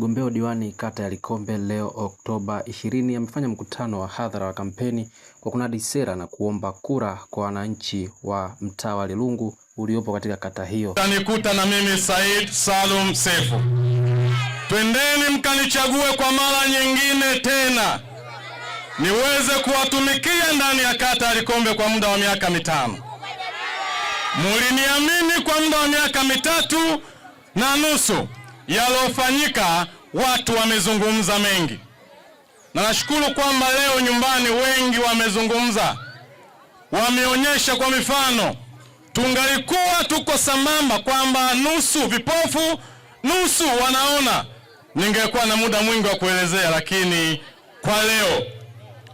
Mgombea diwani kata ya Likombe leo Oktoba 20 amefanya mkutano wa hadhara wa kampeni kwa kunadi sera na kuomba kura kwa wananchi wa mtaa wa Lilungu uliopo katika kata hiyo. Tanikuta na mimi Said Salum Sefu, twendeni mkanichague kwa mara nyingine tena niweze kuwatumikia ndani ya kata ya Likombe kwa muda wa miaka mitano. Muliniamini kwa muda wa miaka mitatu na nusu yaliyofanyika, watu wamezungumza mengi, na nashukuru kwamba leo nyumbani wengi wamezungumza, wameonyesha kwa mifano. Tungalikuwa tuko sambamba kwamba nusu vipofu nusu wanaona, ningekuwa na muda mwingi wa kuelezea, lakini kwa leo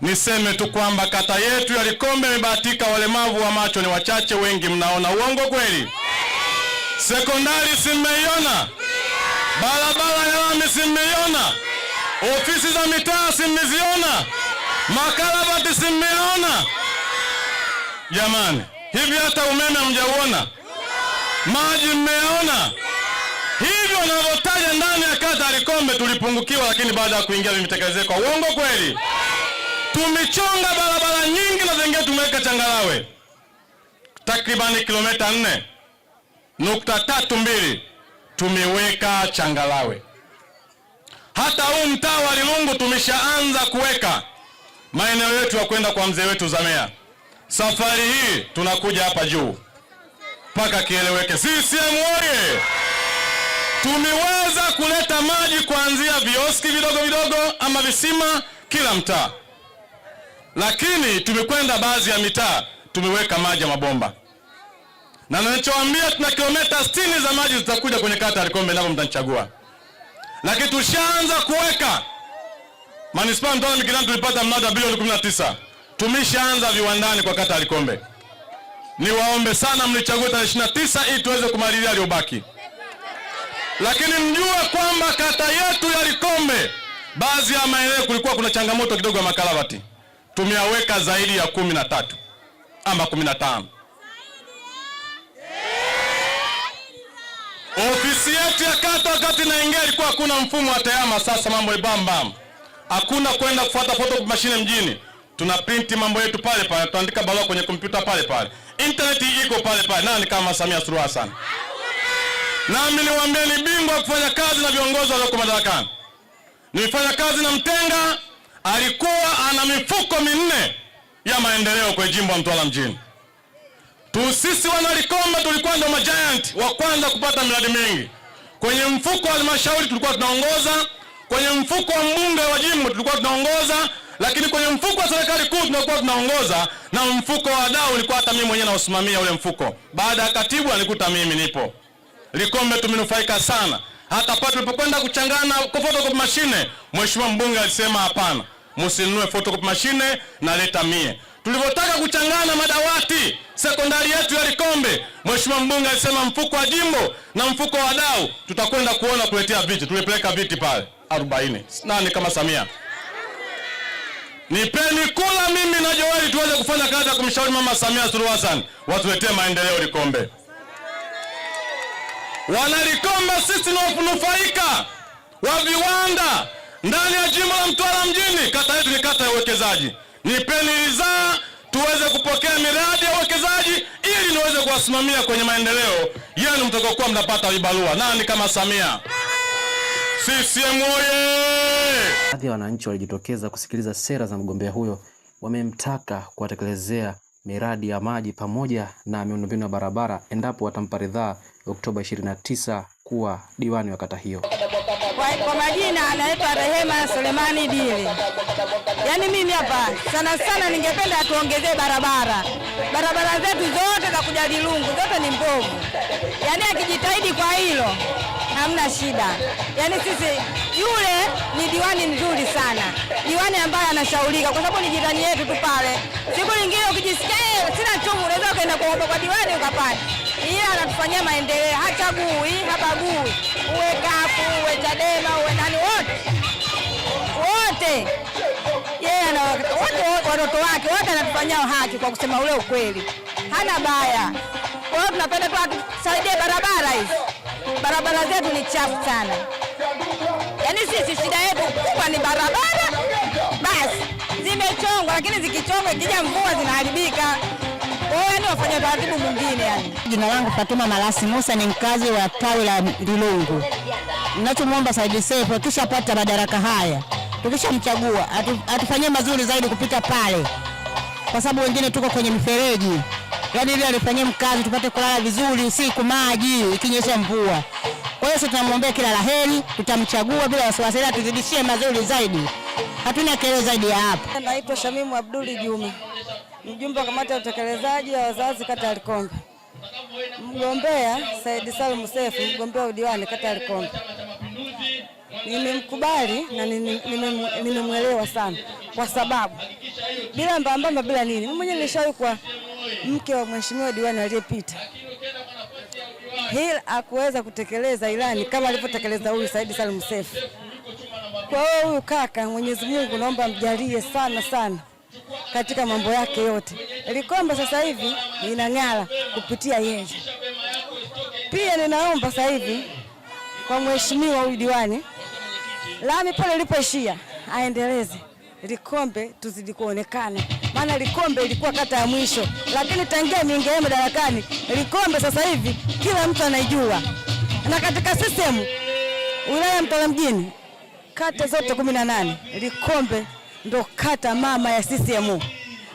niseme tu kwamba kata yetu ya Likombe imebahatika walemavu wa macho ni wachache, wengi mnaona. Uongo kweli? Sekondari simmeiona barabara ya lami si Ofisi za mitaa simmeziona, Makarabati si Jamani, hivi hata umeme hamjauona? Maji mmeona? Hivyo wanavyotaja ndani ya kata Likombe tulipungukiwa, lakini baada ya kuingia vimetekelezekwa. Uongo kweli? Tumichonga barabara nyingi na zingine tumeweka changarawe takribani kilomita nne nukta tatu mbili tumeweka changalawe. Hata huu mtaa wa Lilungu tumeshaanza kuweka maeneo yetu ya kwenda kwa mzee wetu Zamea. Safari hii tunakuja hapa juu mpaka kieleweke. CCM oye! Tumeweza kuleta maji kuanzia vioski vidogo vidogo ama visima kila mtaa, lakini tumekwenda baadhi ya mitaa tumeweka maji ya mabomba na ninachowaambia tuna kilomita 60 za maji zitakuja kwenye kata ya Likombe ndipo mtanichagua. Lakini tushaanza kuweka manispaa mtano Mikindani tulipata mnada bilioni 19. Tumeshaanza viwandani kwa kata ya Likombe. Niwaombe sana mnichague tarehe 29 ili tuweze kumalizia aliyobaki. Lakini mjue kwamba kata yetu ya Likombe baadhi ya maeneo kulikuwa kuna changamoto kidogo ya makalavati. tumeaweka zaidi ya kumi na tatu ama kumi na tano. Ofisi yetu ya kata wakati naingia ilikuwa hakuna mfumo wa tayama. Sasa mambo ni bam, hakuna kwenda kufuata photocopy mashine mjini. Tuna printi mambo yetu pale pale, tunaandika barua kwenye kompyuta pale pale, internet iko pale pale. Nani kama Samia Suluhu Hassan? Nami niwaambie ni bingwa kufanya kazi na viongozi walioko madarakani. Nilifanya kazi na Mtenga, alikuwa ana mifuko minne ya maendeleo kwenye jimbo la Mtwara mjini tu. Sisi wana Likomba tulikuwa ndo majiant wa kwanza kupata miradi mingi kwenye mfuko wa halmashauri tulikuwa tunaongoza, kwenye mfuko wa mbunge wa jimbo tulikuwa tunaongoza, lakini kwenye mfuko wa serikali kuu tunakuwa tunaongoza, na mfuko wa wadau ulikuwa hata mimi mwenyewe nausimamia ule mfuko. Baada ya katibu alikuta mimi nipo. Likombe tumenufaika sana, hata pale tulipokwenda kuchangana kwa photocopy mashine, mheshimiwa mbunge alisema hapana, msinunue photocopy mashine, naleta mie. Tulivyotaka kuchangana madawati sekondari yetu ya Likombe, mheshimiwa mbunge alisema mfuko wa jimbo na mfuko wa dau tutakwenda kuona kuletea viti. Tumepeleka viti pale 40 nani kama Samia. Nipeni kula mimi na Joeli tuweze kufanya kazi ya kumshauri mama Samia Suluhu Hassan watuletee maendeleo Likombe. Wana Likombe sisi ni wanufaika wa viwanda ndani ya jimbo la Mtwara mjini. Kata yetu ni kata ya uwekezaji. Nipeni ridhaa tuweze kupokea miradi ya uwekezaji ili niweze kuwasimamia kwenye maendeleo yenu mtakokuwa mnapata vibarua. Nani kama Samia? CCM oye! Baadhi ya wananchi walijitokeza kusikiliza sera za mgombea huyo, wamemtaka kuwatekelezea miradi ya maji pamoja na miundombinu ya barabara endapo watampa ridhaa Oktoba 29 kuwa diwani wa kata hiyo. Kwa, kwa majina anaitwa Rehema sulemani dili Yaani mimi hapa sana sana ningependa tuongezee barabara. Barabara zetu zote za kuja zote ni mbovu, yaani akijitahidi kwa hilo hamna shida. Yaani sisi, yule ni diwani mzuri sana, diwani ambaye anashaulika kwa sababu ni jirani yetu tu pale. Siku nyingine ukijisikia eh, sina chovu, unaweza ukaenda kuomba kwa diwani ukapata ila anatufanyia maendeleo, hachagui habagui, uwe kafu uwe Chadema uwe nani, wote wote yeye wote watoto wake wote anatufanyia haki, kwa kusema ule ukweli, hana baya. Kwa hiyo tunapenda tu atusaidie barabara hizi, barabara zetu ni chafu sana, yaani sisi shida yetu kubwa ni barabara, basi zimechongwa, lakini zikichongwa ikija mvua zinaharibika ni wafanya taratibu mwingine yani. Jina langu Fatuma Malasi Musa ni mkazi wa tawi la Lilungu. Ninachomwomba Said Seif akishapata madaraka haya, tukishamchagua atufanyie mazuri zaidi kupita pale, kwa sababu wengine tuko kwenye mifereji yaani ile alifanyia mkazi tupate kulala vizuri usiku, maji ikinyesha mvua. Kwa hiyo tunamwombea kila laheri, tutamchagua bila wasiwasi, ila tuzidishie mazuri zaidi hatuna kero zaidi ya hapo. Naitwa Shamimu Abduli Juma, mjumbe wa kamati ya utekelezaji wa wazazi kata ya Likombe. Mgombea Said Salum Sefu, mgombea udiwani kata ya Likombe, nimemkubali na nimemwelewa sana, kwa sababu bila mbambamba, bila nini, mimi mwenyewe nilishawahi kuwa mke wa mheshimiwa diwani aliyepita hii akuweza kutekeleza ilani kama alivyotekeleza huyu Said Salum Sefu. Kwa hiyo huyu kaka, Mwenyezi Mungu naomba mjalie sana sana katika mambo yake yote. Likombe sasa hivi linang'ara kupitia yeye. Pia ninaomba sasa hivi kwa mheshimiwa huyu diwani, lami pale ilipoishia aendeleze Likombe, tuzidi kuonekana, maana Likombe ilikuwa kata ya mwisho, lakini tangia miingia madarakani Likombe sasa hivi kila mtu anaijua, na katika sistemu wilaya Mtwara mjini kata zote kumi na nane Likombe ndo kata mama ya CCM,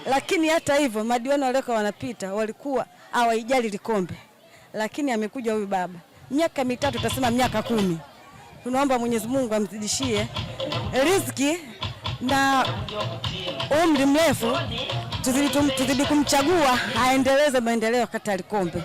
lakini hata hivyo madiwani walioka wanapita walikuwa hawaijali Likombe, lakini amekuja huyu baba miaka mitatu, tutasema miaka kumi. Tunaomba Mwenyezi Mungu amzidishie riziki na umri mrefu, tuzidi kumchagua aendeleze maendeleo kata ya Likombe.